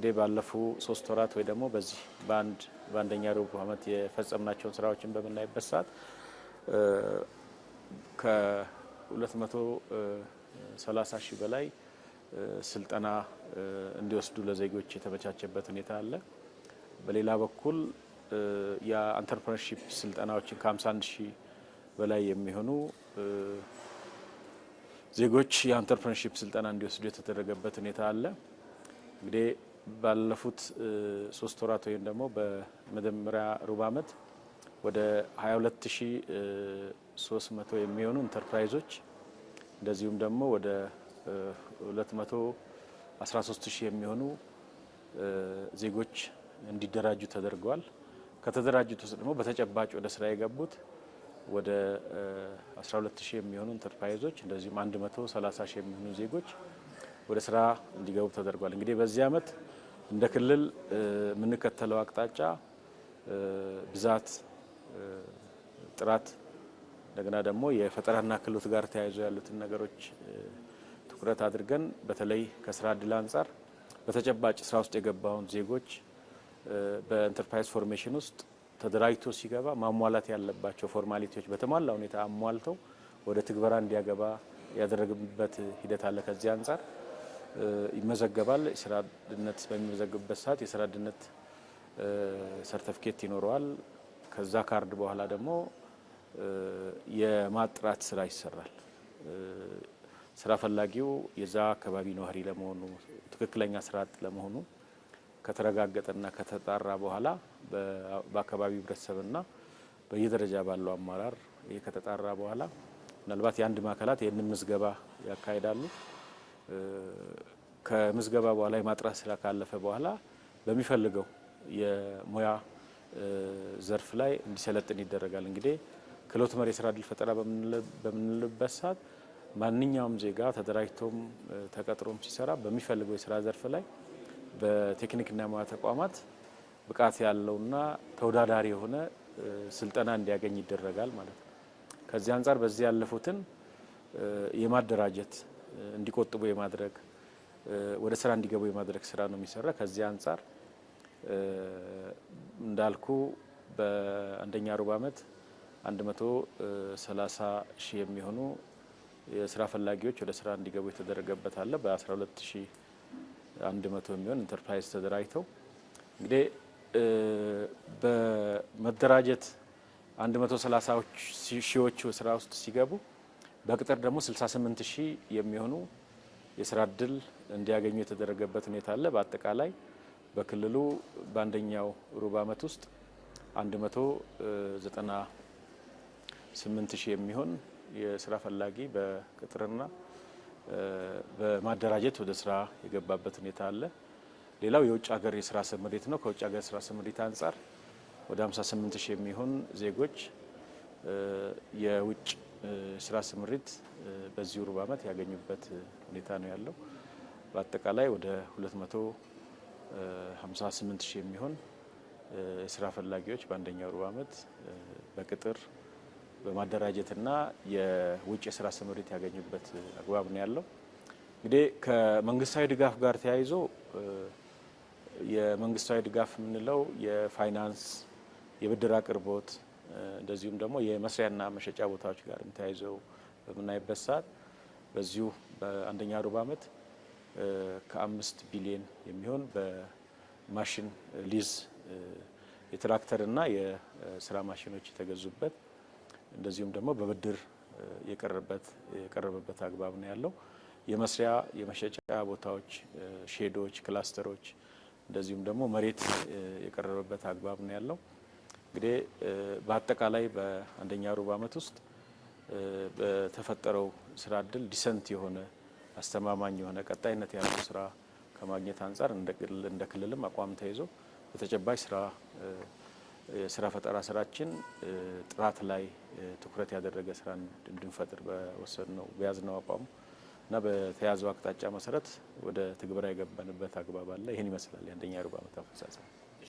እንግዲህ ባለፉ ሶስት ወራት ወይ ደግሞ በዚህ በአንድ በአንደኛ ሩብ ዓመት የፈጸምናቸውን ስራዎችን በምናይበት ሰዓት ከ230 ሺህ በላይ ስልጠና እንዲወስዱ ለዜጎች የተመቻቸበት ሁኔታ አለ። በሌላ በኩል የአንተርፕረነርሺፕ ስልጠናዎችን ከ51 ሺህ በላይ የሚሆኑ ዜጎች የአንተርፕረነርሺፕ ስልጠና እንዲወስዱ የተደረገበት ሁኔታ አለ። እንግዲህ ባለፉት ሶስት ወራት ወይም ደግሞ በመጀመሪያ ሩብ ዓመት ወደ 22300 የሚሆኑ ኢንተርፕራይዞች እንደዚሁም ደግሞ ወደ 213000 የሚሆኑ ዜጎች እንዲደራጁ ተደርገዋል። ከተደራጁት ውስጥ ደግሞ በተጨባጭ ወደ ስራ የገቡት ወደ 12000 የሚሆኑ ኢንተርፕራይዞች እንደዚሁም 130000 የሚሆኑ ዜጎች ወደ ስራ እንዲገቡ ተደርጓል። እንግዲህ በዚህ ዓመት እንደ ክልል የምንከተለው አቅጣጫ ብዛት፣ ጥራት እንደገና ደግሞ የፈጠራና ክህሎት ጋር ተያይዞ ያሉትን ነገሮች ትኩረት አድርገን በተለይ ከስራ እድል አንጻር በተጨባጭ ስራ ውስጥ የገባውን ዜጎች በኢንተርፕራይዝ ፎርሜሽን ውስጥ ተደራጅቶ ሲገባ ማሟላት ያለባቸው ፎርማሊቲዎች በተሟላ ሁኔታ አሟልተው ወደ ትግበራ እንዲያገባ ያደረግበት ሂደት አለ። ከዚህ አንጻር ይመዘገባል። ስራ ዕድልነት በሚመዘግብበት ሰዓት የስራ ዕድልነት ሰርተፍኬት ይኖረዋል። ከዛ ካርድ በኋላ ደግሞ የማጥራት ስራ ይሰራል። ስራ ፈላጊው የዛ አካባቢ ነዋሪ ለመሆኑ ትክክለኛ ስራ አጥ ለመሆኑ ከተረጋገጠና ከተጣራ በኋላ በአካባቢው ህብረተሰብና በየደረጃ ባለው አመራር ይህ ከተጣራ በኋላ ምናልባት የአንድ ማዕከላት ይህንን ምዝገባ ያካሂዳሉ። ከምዝገባ በኋላ የማጥራት ስራ ካለፈ በኋላ በሚፈልገው የሙያ ዘርፍ ላይ እንዲሰለጥን ይደረጋል። እንግዲህ ክህሎት መር የስራ እድል ፈጠራ በምንልበት ሰዓት ማንኛውም ዜጋ ተደራጅቶም ተቀጥሮም ሲሰራ በሚፈልገው የስራ ዘርፍ ላይ በቴክኒክና ሙያ ተቋማት ብቃት ያለውና ተወዳዳሪ የሆነ ስልጠና እንዲያገኝ ይደረጋል ማለት ነው። ከዚህ አንጻር በዚህ ያለፉትን የማደራጀት እንዲቆጥቡ የማድረግ ወደ ስራ እንዲገቡ የማድረግ ስራ ነው የሚሰራ። ከዚህ አንጻር እንዳልኩ በአንደኛ ሩብ ዓመት 130 ሺህ የሚሆኑ የስራ ፈላጊዎች ወደ ስራ እንዲገቡ የተደረገበት አለ። በ12 100 የሚሆን ኢንተርፕራይዝ ተደራጅተው እንግዲህ በመደራጀት 130 ሺዎቹ ስራ ውስጥ ሲገቡ በቅጥር ደግሞ 68 ሺህ የሚሆኑ የስራ እድል እንዲያገኙ የተደረገበት ሁኔታ አለ። በአጠቃላይ በክልሉ በአንደኛው ሩብ ዓመት ውስጥ 198 ሺህ የሚሆን የስራ ፈላጊ በቅጥርና በማደራጀት ወደ ስራ የገባበት ሁኔታ አለ። ሌላው የውጭ ሀገር የስራ ስምሪት ነው። ከውጭ ሀገር የስራ ስምሪት አንጻር ወደ 58 ሺህ የሚሆን ዜጎች የውጭ ስራ ስምሪት በዚሁ ሩብ ዓመት ያገኙበት ሁኔታ ነው ያለው። በአጠቃላይ ወደ 258 ሺህ የሚሆን ስራ ፈላጊዎች በአንደኛው ሩብ ዓመት በቅጥር በማደራጀትና የውጭ የስራ ስምሪት ያገኙበት አግባብ ነው ያለው። እንግዲህ ከመንግስታዊ ድጋፍ ጋር ተያይዞ የመንግስታዊ ድጋፍ የምንለው የፋይናንስ የብድር አቅርቦት እንደዚሁም ደግሞ የመስሪያና መሸጫ ቦታዎች ጋር ተያይዘው በምናይበት ሰዓት በዚሁ በአንደኛ ሩብ ዓመት ከአምስት ቢሊዮን የሚሆን በማሽን ሊዝ የትራክተርና የስራ ማሽኖች የተገዙበት እንደዚሁም ደግሞ በብድር የቀረበበት አግባብ ነው ያለው። የመስሪያ የመሸጫ ቦታዎች፣ ሼዶች፣ ክላስተሮች እንደዚሁም ደግሞ መሬት የቀረበበት አግባብ ነው ያለው። እንግዲህ በአጠቃላይ በአንደኛ ሩብ ዓመት ውስጥ በተፈጠረው ስራ እድል ዲሰንት የሆነ አስተማማኝ የሆነ ቀጣይነት ያለው ስራ ከማግኘት አንጻር እንደ ክልልም አቋም ተይዞ በተጨባጭ ስራ የስራ ፈጠራ ስራችን ጥራት ላይ ትኩረት ያደረገ ስራ እንድንፈጥር በያዝ ነው አቋሙ እና በተያዘው አቅጣጫ መሰረት ወደ ትግበራ የገባንበት አግባብ አለ። ይህን ይመስላል የአንደኛ ሩብ ዓመት አፈጻጸም።